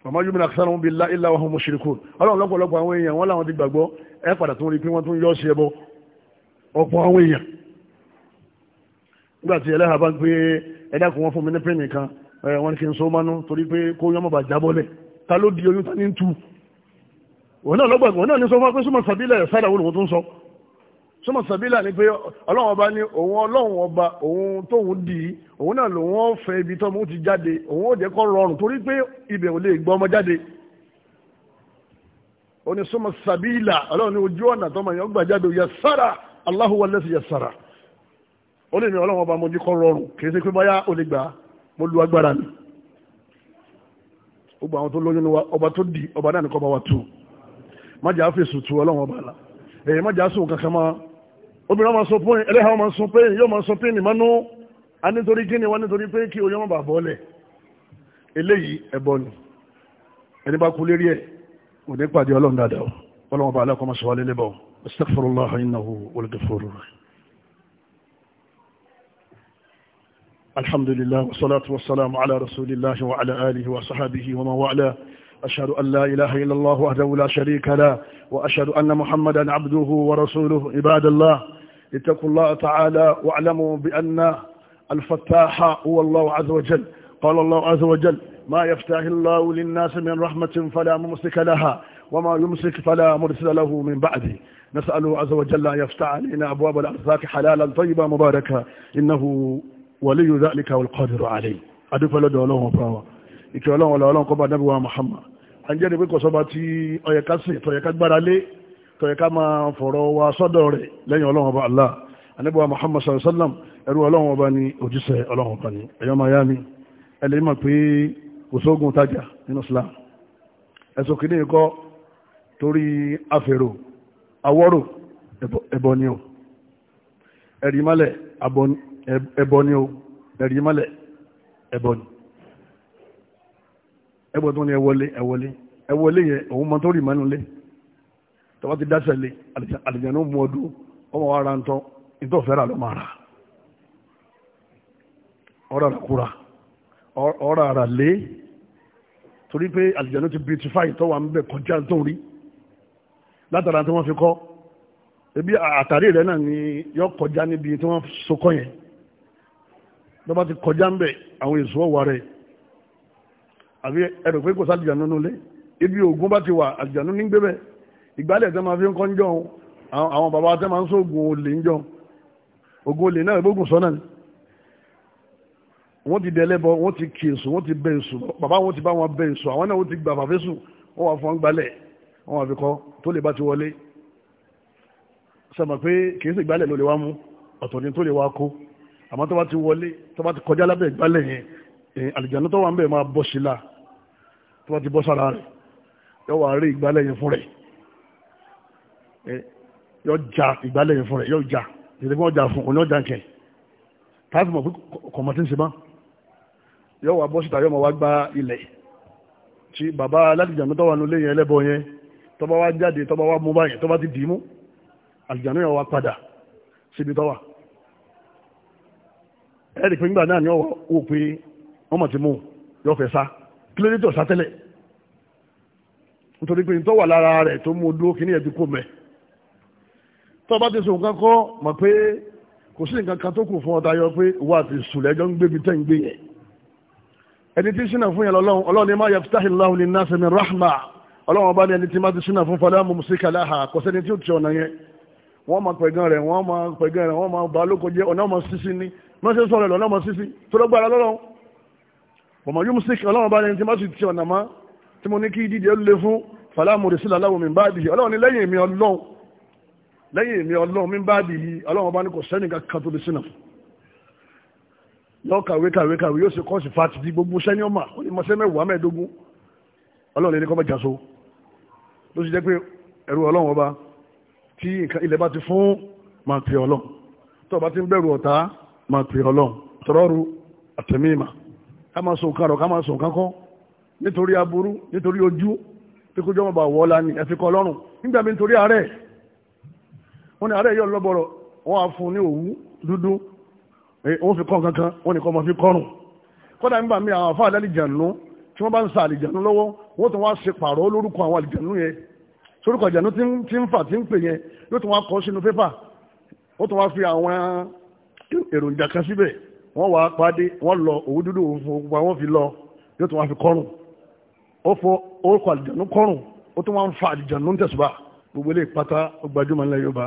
S1: ọmọ yóò mìíràn sára wọn bí lá ilá wọn mushrikun ọlọ́run lọ́pọ̀lọpọ̀ àwọn èèyàn wọn làwọn ti gbàgbọ́ ẹ padà tó rí pé wọ́n tún yọ́ sí ẹbọ ọ̀pọ̀ àwọn èèyàn nígbà tí ẹlẹ́hà bá ń pé ẹ̀dá kò wọ́n fún mi ní pé nìkan wọ́n kì í so mánú torí pé kó yọ́mọ̀ bà jábọ́lẹ̀ ta ló di oyún ta ní tu òun náà lọ́gbàgbọ́ òun náà ní sọ fún súnmọ̀ sàbílà ni pé ọlọ́run ọba ní òun ọlọ́run ọba òun tóun dì í òun náà lòun ó fẹ́ ibi tọ́mọ ó ti jáde òun ó jẹ́ kó rọrùn torí pé ibẹ̀ ò lè gbọ́ ọmọ jáde ó ní súnmọ̀ sàbílà ọlọ́run ní ojú ọ̀nà tọ́mọ yẹn ó gbà jáde yẹ sára Allahu wa lẹ́sìn yẹ sára ó lè ní ọlọ́run ọba mo jí kó rọrùn kì í ṣe pé báyà ó lè gbà mo lu agbára mi gbogbo àwọn tó lóyún wa ọba tó ní wa tu májà fèsì tu ọlọ́run ọba la èyí májà obìnrin ọmọ sun pín ẹlẹ́hà ọmọ sun pín yóò mọ sun pín nìmọ́nú a nítorí gíní wọn nítorí pé kí oyún bàbá bọ́ọ̀lẹ̀ eléyìí ẹ̀bọ ni ẹni bá kú lérí ẹ̀ kò ní pàdé ọlọ́run dáadáa ọlọ́run bá aláàkọ́ máa sọ̀rọ̀ lélẹ́bọ̀ astaghfirullah innahu wal ghafurur rahim alhamdulillah wa salatu wa salamu ala rasulillah wa ala alihi wa sahabihi wa man wa'ala أشهد أن لا إله إلا الله وحده لا شريك له وأشهد أن محمدا عبده ورسوله عباد الله اتقوا الله تعالى واعلموا بأن الفتاح هو الله عز وجل قال الله عز وجل ما يفتح الله للناس من رحمة فلا ممسك لها وما يمسك فلا مرسل له من بعده نسأله عز وجل أن يفتح علينا أبواب الأرزاق حلالا طيبا مباركا إنه ولي ذلك والقادر عليه أدفع لدى الله وفاوة إكي الله ولا الله قبع نبوة محمد أنجري بكو سباتي أيكاسي أيكاس برالي tọ́yẹ ká máa fọ̀rọ̀ wa sọ́dọ̀ rẹ̀ lẹ́yìn ọlọ́run ọba Allah anábíwá Muhammad sallallahu alaihi wasallam ẹrú ọlọ́run ọba ni òjíṣẹ́ ọlọ́run ọba ni ẹ̀yọ́ miami ẹlẹ́ mọ̀ pé òṣogun tajà nínú Islam ẹ̀sùn kìíní ikọ́ torí afẹ́rò awọ́rò ẹbọ ni o ẹ̀rí mọ́lẹ̀ ẹbọ ni o ẹ̀rí tọ́wọ́ ti dáṣẹ́ alijanu àlìjáná mú ọdún ọmọ wa ra ń tán ìtọ́ fẹ́ra ló máa rà ọ̀rọ̀ àràkúra ọ̀rọ̀ àrà torí pé àlìjáná ti beautify tọ́wọ́ à ń bẹ̀ kọjá tó rí látara tí wọ́n fi kọ́ ebi àtàrí rẹ̀ náà ni yọ kọjá níbi tí wọ́n so kọ́ yẹn lọ́ba ti kọjá ń bẹ̀ àwọn èso ọ̀wà rẹ̀ àbí ẹ̀rọ pé kò sá àlìjáná nulẹ̀ ibi ògùn bá ti wà àlìjáná nígbẹ́ bẹ́ẹ̀ ìgbálẹ̀ tẹ́ máa fi ń kọ́njọ́ àwọn bàbá tẹ́ máa ń sóògùn olè ń jọ ogun olè náà ìbógun sọ́nà ni wọ́n ti dẹ̀lẹ́bọ wọ́n ti kì èso wọ́n ti bẹ èso bàbá wọn ti bá wọn bẹ èso àwọn náà wọ́n ti gbà bàfẹ́sù wọ́n wà fún gbálẹ̀ wọ́n wà fi kọ́ tó lè bá ti wọlé sọmọ pé kì í sì gbálẹ̀ ló lè wá mú ọ̀tọ̀ ni tó lè wá kó àmọ́ tó bá ti wọlé tó bá ti kọjá lábẹ́ ìgbálẹ̀ yẹn àlìjáná tó wà ń bẹ̀ máa bọ́ sí la tó bá ti bọ́ sára rẹ̀ yọ wà rí ìgbálẹ̀ yẹn fún rẹ̀ yọ ja ìgbálẹ̀ yẹn fún rẹ̀ yọ ja tètè fún ọjà fún òní ọjà nkẹ́ táàfì mọ̀ pé kọ̀mọ̀tì ń ṣe mọ́ yọ wà bọ́ síta yọ mọ̀ wá gba ilẹ̀ tí bàbá aládìjànú tọ́wà nulẹ̀ yẹn ẹlẹ́bọ yẹn tọ́ba wá jáde tọ́ba wá mú báyẹn tọ́ba ti dì í mú àlìjànú yẹn wá padà síbi tọ́wà ẹ̀rì pé nígbà náà ni wọ́n wò pé wọ́n mọ̀ ti mú yọ fẹ́ sá kílódé tó sá tẹ́lẹ̀ nítorí pé nítorí wà lára rẹ̀ tó mú dúró kíní ẹ̀ ti kó tó bá ti sùn nǹkan kọ́ mọ̀ pé kò sí nǹkan kan tó kù fún ọ tayọ pé wà á ti sùn lẹ́jọ́ ń gbébi tẹ́ ń gbé yẹn ẹni tí sínà fún yẹn lọ́lọ́run ọlọ́run ni má yaftahi Allahu linnasi min rahma ọlọ́run bá ní ẹni tí má ti sínà fún fala mumsika laha kò sẹ́ni tí ó ti ọ̀nà yẹn wọ́n máa pẹ̀gàn rẹ̀ wọ́n máa pẹ̀gàn rẹ̀ wọ́n máa bá lóko jẹ́ ọ̀nà ọmọ sísí ni wọ́n ṣe sọ̀rọ̀ lọ́nà ọmọ sísí tó ló gbára lọ́lọ́run ọmọ yumsik ọlọ́run bá ní ẹni tí má ti ti ọ̀nà mọ́ tí mo ní kí dídì ó fún fala mursila lahu min mi ọlọ́run lẹ́yìn èmi ọlọ́run mi bá di yìí ọlọ́run bá ní kò sẹ́ni kankan tó lè sínà yọ kàwé kàwé kàwé yóò ṣe kọ́ọ̀sì fati di gbogbo sẹ́ni ọmọ ó ní mọ̀sẹ́ mẹ́wàá mẹ́ẹ̀ẹ́dógún ọlọ́run lè ní kọ́ mẹ́jà so ló sì jẹ́ pé ẹ̀rù ọlọ́run ọba tí ilẹ̀ bá ti fún máa pè ọlọ́run tó bá ti ń bẹ̀rù ọ̀tá máa pè ọlọ́run tọrọ́rù àtẹ̀míìmà ká máa sọ nǹkan rọ̀ ká máa sọ nǹkan kọ́ nítorí aburú nítorí ojú pé kójọ́ mọ̀ bá wọ́ ọ́ lá ọlọ́run nígbà mi nítorí àárẹ̀ wọ́n ní àárẹ̀ yọ lọ́bọ̀rọ̀ wọ́n á fún ní òwú dúdú wọ́n fi kọ́ kankan wọ́n ní kọ́ ọmọ fi kọ́rùn kọ́dà nígbà míì àwọn àfa àlìjànú tí wọ́n bá ń sa àlìjànú lọ́wọ́ wọ́n tún wá ṣe pààrọ̀ lórúkọ àwọn àlìjànú yẹn sorúkọ àlìjànú tí ń fà tí ń pè yẹn yóò tún wá kọ́ sínú pépà ó tún wá fi àwọn èròjà kan síbẹ̀ wọ́n wá pàdé wọ́n lọ òwú dúdú òwú fi lọ yóò tún wá fi kọ́rùn ó fọ orúkọ àlìjànú kọ́rùn ó tún wá ń fa àlìjànú ń tẹ̀sùbà gbogbo ilé ìpátá ó gbajúmọ̀ nílẹ̀ Yorùbá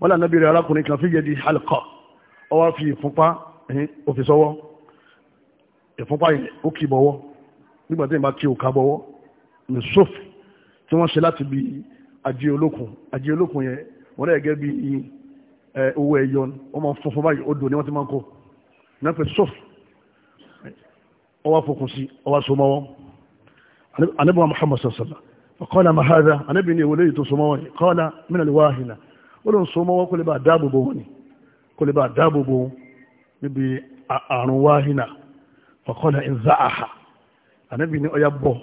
S1: wọ́n lànà bí rẹ̀ arákùnrin kan fi yẹdi halqa ó wá fi ìfúnpá òfin sọ́wọ́ ìfúnpá yẹn ó kì bọ́wọ́ nígbà tí ìbá kí òkà bọ́wọ́ ní sóf tí wọ́n ṣe láti bí ajé olókun ajé olókun yẹn wọ́n rẹ̀ gẹ́ bí owó ẹ̀yọ wọ́n máa funfun báyìí odò ni wọ́n ti máa ń kó náà pé sóf ó fokùn sí ó wá mọ́wọ́ anábìwá muhammad sallallahu alaihi wa sallam ni ìwọlé yìí tó so mọ́wọ́ yìí qala ó lóun so mọ́wọ́ kó lè bá dáàbò bò wọ́n ni kó lè bá dáàbò bò wọ́n níbi àrùn wáhínà faqala inza'aha ànábì ní ọya bọ̀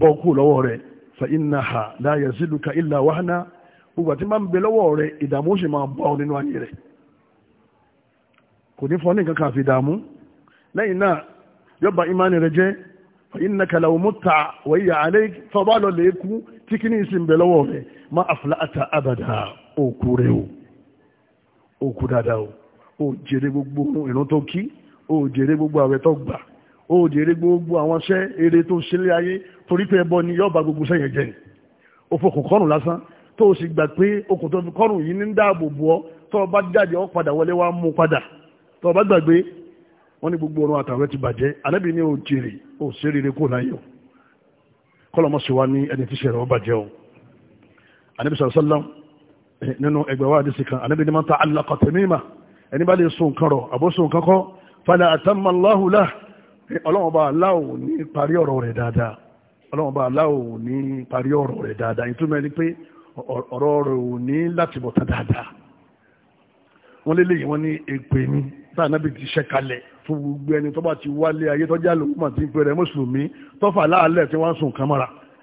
S1: bọ́ kú lọ́wọ́ rẹ̀ fa innaha la yaziduka illa wahna gbogbo àti máa ń bẹ lọ́wọ́ rẹ̀ ìdààmú sì máa bọ́ nínú ayé rẹ̀ kò ní fọ́ ní nǹkan kan àfi ìdààmú lẹ́yìn náà yọba ìmánì rẹ̀ jẹ́ فإنك لو مت وهي عليك فبالو ليكو تكني سنبلو ما أفلأت أبدا òkú rẹ̀ o òkú dáadáa o ó jèrè gbogbo ìrun tó kí ó jèrè gbogbo àwẹ̀ tó gbà ó jèrè gbogbo àwọn iṣẹ́ eré tó ṣẹlẹ̀ ayé torí pé ẹbọ ni yóò gbogbo sẹ́yìn jẹ́ ni ó kọ́rùn lásán tó o sì gbà pé okùn tó fi kọ́rùn yìí ní dáàbò bò tó o bá jáde ọ́ padà wọlé wá mú padà tó o bá gbàgbé wọ́n ní gbogbo ọ̀run àtàwẹ̀ ti bàjẹ́ anábì ní o jèrè o ṣe rere kó náà yọ kọ́lọ́mọ́sí wa ní ẹni tí ṣe rẹ̀ bàjẹ́ o anábì sọ́lá nínú ẹgbẹ̀ wa àdísì kan anábì ní máa ń ta alákọ̀tẹ̀ mímà ẹni bá lè so nǹkan rọ̀ àbó so nǹkan kọ́ fàlà àtàmàláhùlá ọlọ́run bá aláwò ní parí ọ̀rọ̀ rẹ̀ dáadáa ọlọ́run bá aláwò ní parí ọ̀rọ̀ rẹ̀ dáadáa ìtumọ̀ ni pé ọ̀rọ̀ rẹ̀ ò ní láti bọ̀ tán dáadáa wọ́n lé lẹ́yìn wọ́n ní èpè mi táà nábì ti ṣẹ́ kalẹ̀ fún gbogbo ẹni tó bá ti wálé ayé tọ́jà lòkùnmọ̀ tí ń pè mùsùlùmí tọ́fà láàlẹ̀ tí wọ́n sùn kan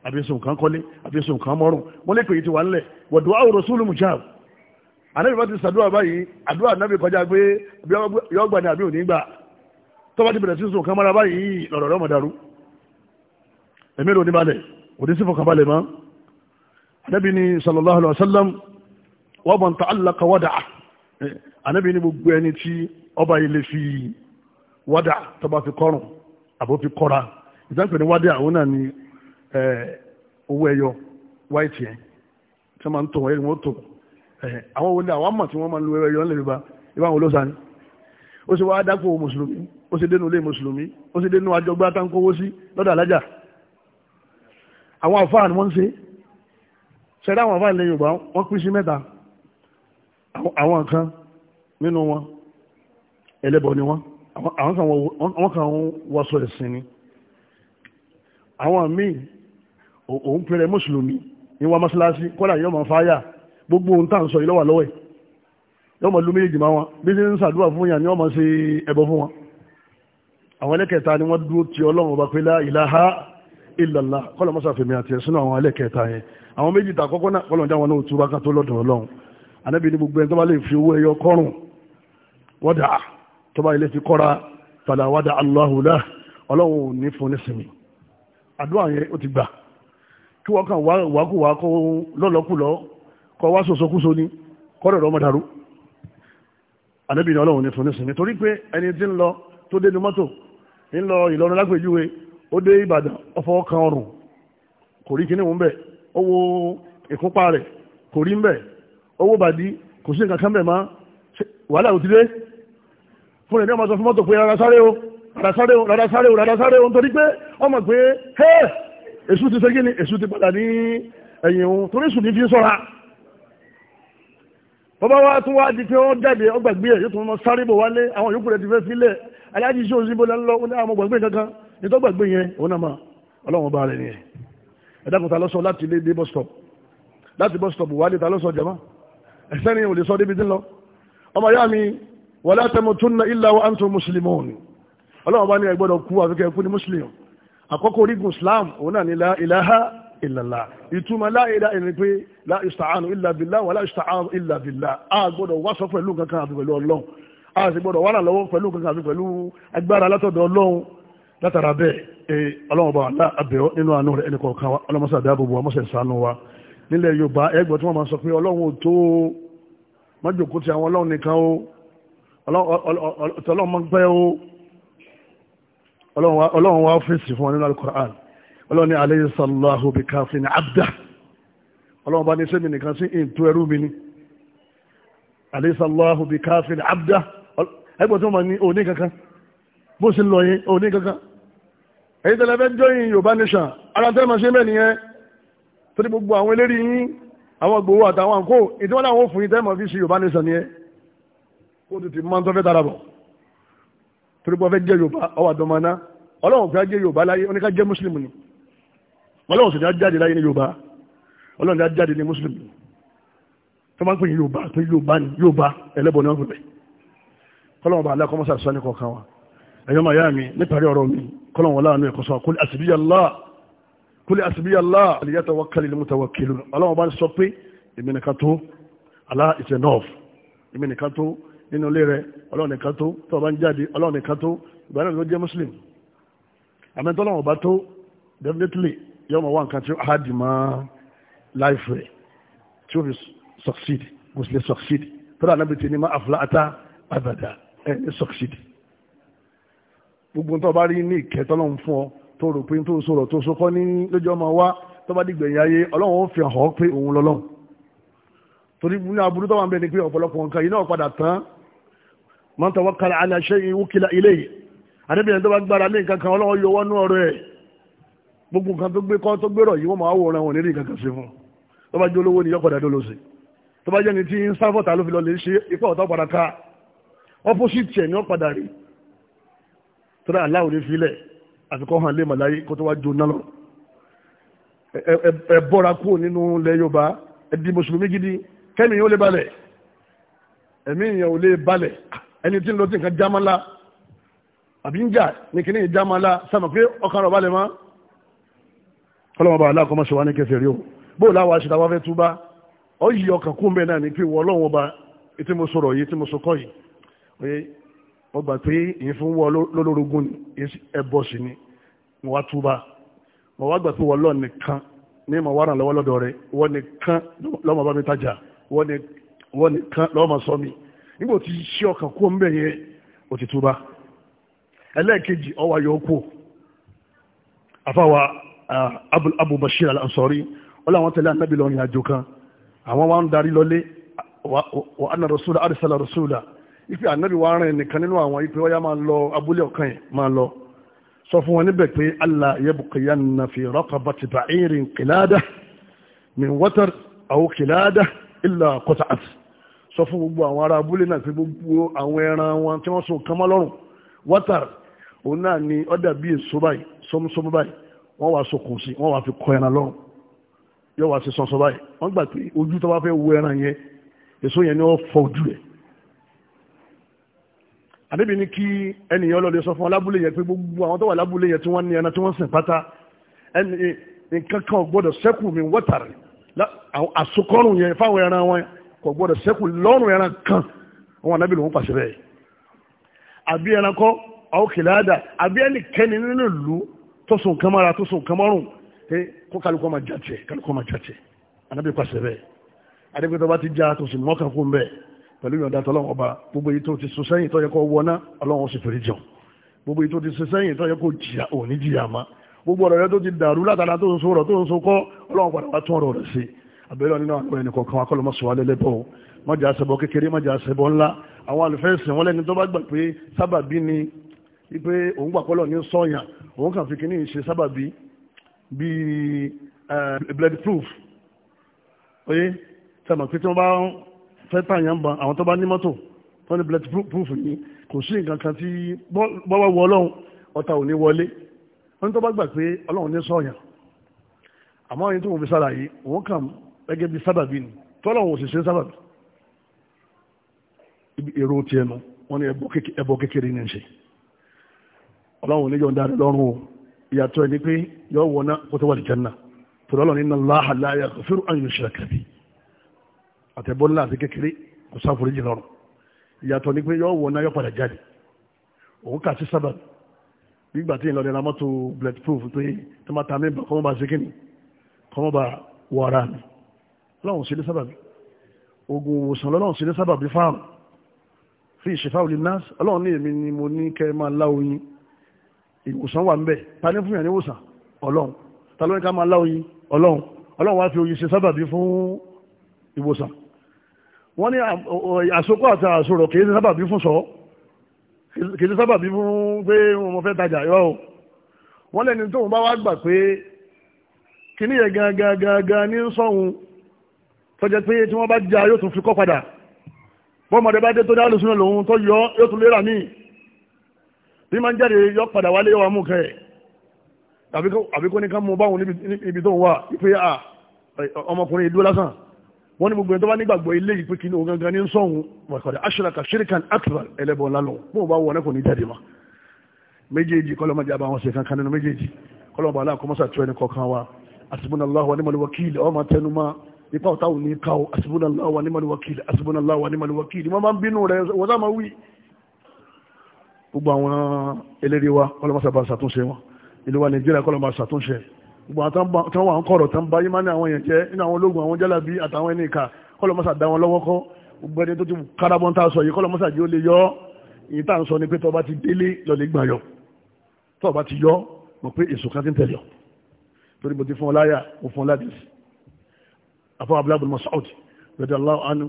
S1: àbíṣun kan kọ́lé àbíṣun kan mọ́rùn wọ́n lè pè yìí ti wà ńlẹ̀ wọ̀dọ̀ àwòrán sùúlù mùjáàb ànábì bá ti sàdúrà báyìí àdúrà ànábì kọjá pé yọgbà ni àbí òní gbà tó bá ti bẹ̀rẹ̀ sí sùn kan mọ́ra báyìí lọ̀rọ̀ rẹ̀ mọ̀dàrú ẹ̀mí ló ní balẹ̀ òní sí fọkàn balẹ̀ mọ́ ànábì ni sallallahu alayhi wa sallam wọ́n mọ̀ ta allah ka wọ́dà ànábì ni gbogbo ẹni tí ọba yìí lè fi wọ́dà tó fi kọ́rùn àbó fi kọ́ra ìtàn pè ní àwọn náà ni Eh, owó ẹyọ white yẹn tí wọ́n máa ń tò wọ́n yẹn wọ́n tò eh, àwọn olè àwọn àmọ̀ tí wọ́n máa ń lo ẹyọ ńlẹ̀ yorùbá ìbá àwọn olóṣà ni ó sì wá dákò mùsùlùmí ó sì dénú ilé mùsùlùmí ó sì dénú àjọgbá tá ń kówó sí lọ́dọ̀ alájà àwọn àfáà ni wọ́n ń ṣe ṣẹ̀dá àwọn àfáà ilẹ̀ yorùbá wọ́n pín sí mẹ́ta àwọn kan nínú wọn ẹlẹ́bọ ni wọ́n àwọn kan wọ́n wọ́sọ ẹ̀sìn ni àwọn míì òun pẹ̀rẹ̀ mùsùlùmí ní wá mọ́sálásí kọ́lá yọ́ mọ̀ fáyà gbogbo ohun tá à ń sọ yìí lọ́wọ́ lọ́wọ́ ẹ̀ yọ́ mọ̀ lómi ìjìmá wọn bí ṣe ń ṣàdúrà fún yàn ni wọ́n mọ̀ ṣe ẹbọ fún wọn àwọn ẹlẹ́kẹta ni wọ́n dúró ti ọlọ́run ọba pé lá ìlàhá ìlàlá kọ́lá mọ́sá fèmí àti ẹ̀sùn àwọn ẹlẹ́kẹta yẹn àwọn méjì tà kọ́kọ́ náà kọ́lá ọjà wọn náà tú bákan tó lọ́dọ̀ ọlọ́run anábì ní gbogbo ẹni tó bá lè fi owó ẹyọ kọrùn wọ́dà tó bá ilé ti kọ́ra fàlàwádà aláhùlá ọlọ́run ò ní fún ní sinmi àdúrà yẹn ó ti gbà kí wọ́n kàn wákùwá kó lọ́lọ́kùlọ́ kọ́ wá sòsókúso ní kọ́rọ̀ ọmọ dàrú anábìnrin ọlọ́run ní fún nísìnyí torí pé ẹni tí ń lọ tó dé ní mọ́tò ń lọ ìlọrin lápèjúwe ó dé ìbàdàn ọfọ kan ọrùn kò rí kíní òun bẹ̀ owó ìkúnpá rẹ̀ kò rí ń bẹ̀ owó bàdí kò sí nǹkan kan bẹ̀ má wàhálà ò ti dé fún ẹni ọmọ sọ fún mọ́tò pé rárá sáré o rárá sáré o rárá sáré o nítorí pé ọmọ pé hẹ́ẹ̀ èṣù ti ṣégé ni èṣù ti padà ní ẹ̀yìn òun torí èṣù ní fi sọ́ra bàbá wa tún wá di pé ó jáde ó gbàgbé ẹ̀ yóò tún mọ sáré bò wálé àwọn yòókù rẹ̀ ti fẹ́ sílẹ̀ aláàjì iṣẹ́ òsì bó lọ ó ní àwọn ah, gbàgbé kankan ní tó gbàgbé yẹn òun náà máa ọlọ́run bá rẹ̀ nìyẹn ẹ̀dá kan ta lọ́sọ láti ilé dé bus láti bus wálé ta lọ́sọ jama ẹ̀sẹ́ni ò lè sọ débi tí lọ ọmọ ìyá mi wala tamutunna illa wa antum muslimun ọlọ́run bá ní ẹ kú àfikẹ́ kú ní mùsùlùmí àkọ́kọ́ orígun islam òun náà ni la ilaha illallah ìtumọ̀ la ilaha illallah pé la ista'anu illa billah wa la ista'anu illa billah a gbọ́dọ̀ wá sọ pẹ̀lú kankan àti pẹ̀lú ọlọ́run a sì gbọ́dọ̀ wá lọ́wọ́ pẹ̀lú kankan àti pẹ̀lú agbára látọ̀dọ̀ ọlọ́run látara bẹ́ẹ̀ ọlọ́run bá wà lábẹ́ọ́ nínú àánú rẹ̀ ẹnì kọ̀ọ̀kan wa ọlọ́mọsà dáàbòbò ọlọ́run wá fèsì fún wọn nínú alukur'an ọlọ́run ní alẹ́ sàlọ́hù bí káfí ní abdá ọlọ́run bá ní sẹ́mi nìkan sí ìtú ẹrú mi ní alẹ́ sàlọ́hù bí káfí ní abdá ẹgbẹ́ tó máa ní òní kankan bó sì lọ yín òní kankan èyí tẹ́lẹ̀ fẹ́ jọyìn yorùbá nation ara tẹ́lẹ̀ máa ṣe bẹ́ẹ̀ nìyẹn torí gbogbo àwọn eléré yín àwọn gbowó àtàwọn àǹkó ìdíwọ́n náà wọ́n fún yín tẹ́lẹ̀ máa fi ṣe yorùbá nation nìyẹn kó o ti máa ń torí bọ́ fẹ́ jẹ́ yorùbá ọwọ́ àdọ́mọ́ná ọlọ́run fẹ́ jẹ́ yorùbá láyé oníká jẹ́ mùsùlùmí ni ọlọ́run sì jáde láyé ní yorùbá ọlọ́run jáde ní mùsùlùmí tó máa ń pè ní yorùbá tó yorùbá ni yorùbá ẹlẹ́bọ̀ ni wọ́n fi bẹ̀ kọ́lọ́run bá aláàkọ́mọ́sà sọ ní kọ̀ọ̀kan wa ẹ̀yọ́ màá yá mi níparí ọ̀rọ̀ mi kọ́lọ́run wọlá Allah is enough nínú ilé rẹ ọlọ́run nìkan tó tó bá ń jáde ọlọ́run nìkan tó ìgbà náà ló jẹ́ muslim àmẹ́tọ́lọ́run ọba tó definitely yọ ọmọ wa nǹkan tí ó hard mọ́ life rẹ̀ tí ó fi succeed kò sì lè succeed tó dáa nábìtì ní ma ata abada ẹ̀ ní succeed gbogbo tó bá rí ní ìkẹtọ́lọ́run fún ọ tó rò pé tó sọ̀rọ̀ tó sọkọ́ ní lójú ọmọ wa tó bá dìgbẹ̀yìn ayé ọlọ́run ó fi hàn pé òun lọ́lọ́run torí ní aburú tó wà ń bẹ ni pé ọ̀pọ̀lọpọ̀ nǹkan yìí náà padà tán man tawakkala ala shay'in wukila ilayhi àdébìnrin tó bá gbára lé nǹkan kan ọlọ́wọ́ yọ wọ́nú ọ̀rọ̀ ẹ̀ gbogbo nǹkan tó gbé kọ́ tó gbérọ̀ yìí wọ́n máa wò ran wọn nílé nǹkan kan sí fún tó bá jẹ́ olówó ni yọ́kọ̀dá tó lọ sí tó bá jẹ́ ni tí ń sáfọ̀tà ló fi lọ lè ṣe ipá ọ̀tá padà ká opposite ni wọ́n padà rí tọ́lá aláwọ̀ ní filẹ̀ àfikọ́ hàn lé màláyé kó tó wá jóná lọ ẹ bọ́ra kúrò nínú ilẹ̀ Yorùbá ẹ di mùsùlùmí gidi kẹ́mi yóò lè balẹ̀ ẹ̀mí ìyẹn ò lè balẹ̀ ẹni tí ń lọ sí nǹkan jámọ́lá àbí ń jà ní kìíní ìjámọ́lá sáàmù pé ọkàn rọ̀ balẹ̀ mọ́ ọlọ́wọ́n bá aláàkọ́ mọ́ ṣe wá ní kẹsẹ̀ rí o bó láwa ṣe tàwa fẹ́ túbá ọ yí ọkàn kún bẹ́ẹ̀ náà ní pé wọ́ọ́lọ́wọ́n bá tí mo sọ̀rọ̀ yìí tí mo sọkọ́ yìí oye wọ́n gbà pé ìyẹn fún wọ́ lólórogún ẹbọ sí ni mo wá túbá mo wá gbà pé wọ́ọ́ nìkan ní mo wá ràn lọ́wọ́ lọ́dọ̀ rẹ̀ wọ́n nìkan lọ́mọ bá mi tajà wọ́n nìkan lọ́mọ sọ mi nígbà tí ṣí ọkàn kú ń bẹ̀ yẹn ó ti túbá ẹlẹ́ẹ̀kejì ọwọ́ ayọ̀ kú àfáwà Abu Bashir al-Ansari wọ́n láwọn tẹ̀lé anábì lọ rìn àjò kan àwọn wa ń darí lọlé wà á na rasúlà àrísàlà rasúlà ife anábì wa rìn nìkan nínú àwọn ipe ọya máa lọ abúlé ọ̀kan yẹn máa lọ sọ fún wọn níbẹ̀ pé allah yabqiyanna fi raqabati ba'irin qilada min watar aw qilada illa qata'at sọ fún gbogbo àwọn ará abúlé náà pé gbogbo àwọn ẹran wọn tí wọ́n sùn kán mọ́ lọ́rùn wọ́tàr òun náà ni ọ̀dà bí èso báyìí sọmúsọmú báyìí wọ́n wá sokùn sí wọ́n wá fi kọ ẹran lọ́rùn yóò wá sí sọ́nsọ́ báyìí wọ́n gbà pé ojú tó bá fẹ́ wo ẹran yẹn èso yẹn ni wọ́n fọ ojú rẹ̀ àdébì ní kí ẹnìyàn lọ́lẹ̀ sọ fún alábúlé yẹn pé gbogbo àwọn tó wà lábúlé yẹn tí wọ́n ní ẹran kò gbọ́dọ̀ sẹ́kù lọ́rùn ẹran kan àwọn anábì lòún pàṣẹ bẹ́ẹ̀ àbí ẹranko àwọn kìlá àdà àbí ẹnikẹ́ni nínú ìlú tó sùn kan mára tó sùn kan márùn kó kálukọ́ máa jàtẹ̀ kálukọ́ máa jàtẹ̀ anábì pàṣẹ bẹ́ẹ̀ adébítọ́ bá ti já tó sì mọ́kàn fún bẹ́ẹ̀ pẹ̀lú ìyọ̀ǹda tọ́lọ́wọ́n ọba gbogbo yìí tó ti sùn sẹ́yìn tó yẹ kó wọná ọlọ́wọ́n sì fèrè jẹun gbogbo yìí tó ti sùn sẹ́yìn tó yẹ kó jìyà òní jìyà má gbogbo ọ̀rọ̀ rẹ tó ti dàrú látara tó ń so ọ̀rọ̀ tó ń so kọ́ ọlọ́wọ́n padà wá tún ọ̀rọ̀ rẹ̀ sí i àbẹ̀rẹ̀ nínú àwọn ẹnì kọ̀ọ̀kan wa kọ́lọ́ mọ́sùn wa lẹ́lẹ́bọ̀ o mọ́jà àṣẹbọ kékeré mọ́jà àṣẹbọ ńlá àwọn àlùfẹ́sìn wọn lẹ́ni tó bá gbà pé sábàbí ni pé òun gbà ní sọ́ọ̀yàn òun kàn fi kíní ṣe sábàbí bíi blood proof oyé sábà pé tí wọ́n bá fẹ́ tàyàn ban àwọn tó bá ní mọ́tò tó ní blood proof yìí kò sí nǹkan kan tí bọ́wọ́ wọ ọlọ́run ọ̀tá ò ní wọlé wọ́n tó bá gbà pé ọlọ́run ní sọ́ọ̀yàn àmọ́ ẹni tó fi sára yìí òun kàn gẹ́gẹ́ bí sábàbí ni tọ́lọ̀wọ̀ òṣìṣẹ́ sábàbí èrò ti ẹnu wọ́n ní ẹbọ kékeré ní ṣe ọlọ́run oníjọ ń dáadé lọ́rùn o ìyàtọ̀ ẹni pé yọ wọ náà kó tó wà ní jẹ́nà tọ́lọ́run inna Allaha la yaghfiru an yushraka bihi àtẹ̀bọ́ ńlá àti kékeré kò sáforíjì lọ́rùn ìyàtọ̀ ni pé yọ wọ náà yọ padà jáde òun kà sí sábàbí nígbà tí ìlọrin ramọ́tò bulletproof pé tó máa ta mí kọ́mọ́ bá ṣe kíni kọ́mọ́ bá wọ mi lọ́wọ́n sílé sábàbí ogun òwòsàn lọ́wọ́n sílé sábàbí fáàrùn fi ìṣẹ̀fà òlì náàsì ọlọ́run ní èmi ni mo ní kẹ́ máa lá oyin ìwòsàn wà ń bẹ̀ ta ní fún yàn ní ìwòsàn ọlọ́run ta ló ní ká máa lá oyin ọlọ́run ọlọ́run wá fi oyin ṣe sábàbí fún ìwòsàn wọ́n ní àsokọ́ àti àsorọ̀ kì í ṣe sábàbí fún sọ kì í ṣe sábàbí fún pé mo fẹ́ tajà irọ́ o wọ́n lẹ́ni tóun bá wá gbà pé kíní tó jẹ́ pé tí wọ́n bá jà yóò tún fi kọ́ padà bọ́mọdé bá dé tó dá lùsùn lòun tó yọ yóò tún lérà míì bí máa ń jáde yọ padà wálé yọ wà mú kẹ́ ẹ̀ àbí kó ní ká mú báwọn níbi tó wà pé à ọmọkùnrin ìlú lásán wọ́n ní gbogbo ẹ̀ tó bá nígbàgbọ́ ilé yìí pé kí ní o gangan ní sọ́hun wàkọ̀dẹ̀ ashraka shirikan akbar ẹlẹ́bọ̀ lálọ́ bó bá wọ̀ nẹ́kùn ní jáde ma méjèèjì kọlọ́mọdé àbáwọn ṣe kankan nínú méjèèjì kọlọ́mọdé aláàkọ́mọ́sà tó ẹni kọ̀ọ̀kan wa àtìmúnà aláwọ̀ ní mọ̀lẹ́wọ̀kí ilẹ̀ ọmọ tẹnumọ́ ipa ọ̀tá ò ní ká o asibúnàlá wà nímọ̀ níwọ̀kìlì asibúnàlá wà nímọ̀ níwọ̀kìlì wọ́n máa ń bínú rẹ̀ wọ́n sá máa wí. gbogbo àwọn eléré wa kọ́lọ́mọ́sá bá ṣàtúnṣe wọn ìlú wa nàìjíríà kọ́lọ́mọ́ ṣàtúnṣe gbogbo àwọn tí wọ́n kọ̀rọ̀ tán bá yín máa ní àwọn yẹn jẹ́ nínú àwọn ológun àwọn jálàbí àtàwọn ẹni ìka kọ́lọ́mọ́sá dá wọn lọ́wọ́ kọ́ gbogbo ẹni tó ti karabọ́n tá a sọ yìí kọ́lọ́mọ́sá yìí ó lè yọ èyí tá à ń sọ ni pé tọ́ba ti délé lọ́lẹ̀ gbà yọ tọ́ba ti yọ mọ̀ pé èso kan ti ń torí mo ti fún ọ láyà mo fún ọ ládìsí afọ abúlábùn masoud rẹ̀dà aláwọ̀ ánú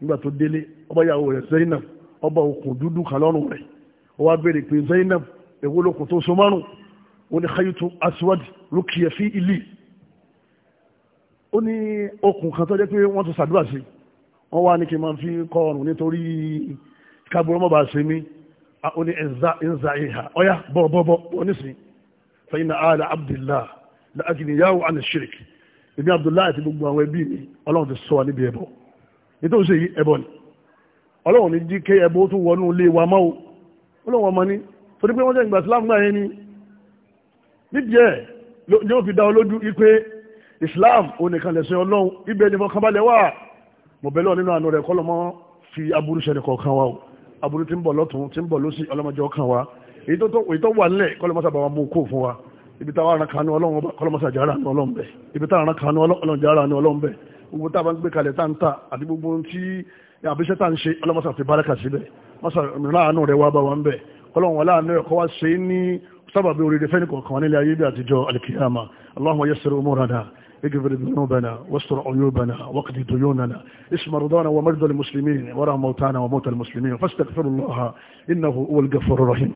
S1: nígbà tó délé ọba yàwó rẹ̀ zainab ọba òkun dúdú kan lọ́rùn rẹ̀ ó wá béèrè pé zainab èwo lókun tó so márùn ó ní khaytu aswad rukiya fi ili ó ní okùn kan tó jẹ́ pé wọ́n ti sàdúrà sí wọ́n wá ní kí n máa fi kọ́ ọrùn nítorí kábúrò mọ́ba sí mi ó ní ẹ̀nza ìhà ọ̀yá bọ̀bọ̀bọ̀ onísìn fẹ́yìn náà àlà abdillah la agniyahu an èmi abdullahi àti gbogbo àwọn ẹbí mi ọlọ́run ti sọ wa níbi ẹbọ nítorí ṣe yí ẹbọ ni ọlọ́run ní jí ké ẹbọ tó wọnú ilé wa mọ́ o ọlọ́run ọmọ ni torí pé wọ́n jẹ́ ìgbà islam gbà yẹn ni nídìí ẹ̀ ni ó fi dá ọ lójú ipe islam onìkan lẹ̀sẹ̀ ọlọ́run ibẹ̀ ni fọkànbalẹ̀ wà mo bẹ̀ lọ́ọ̀ nínú àánú rẹ̀ kọ́lọ́mọ́ fi aburú ṣẹlẹ̀ kọ̀ọ̀kan wa o aburú ti ń bọ̀ lọ́tún ti ń bọ̀ lọ́sí ọlọ́mọdé ọkàn wa èyí tó wà nílẹ̀ kọ́lọ́mọ́sàbà wa mú kó fún wa ibi táwọn aràn kanú ọlọ́run ọba kọlọmọsà jára ní ọlọ́run bẹ ibi táwọn aràn kanú ọlọ́run jára ní ọlọ́run bẹ gbogbo táwọn ń gbé kalẹ̀ tá ń ta àti gbogbo tí àbíṣẹ́ tá ń ṣe ọlọ́mọsà fi bárẹ́kà síbẹ̀ mọ́sà mìíràn àánú rẹ̀ wá bá wa ń bẹ̀ ọlọ́run wọlé àánú ẹ̀kọ́ wá ṣe é nílé ayé bí àtijọ́ alikiyama allahumma yassir umurana اغفر ذنوبنا واستر عيوبنا واقض ديوننا اسم مرضانا ومرضى المسلمين ورحم موتانا وموتى المسلمين فاستغفر الله انه هو الغفور الرحيم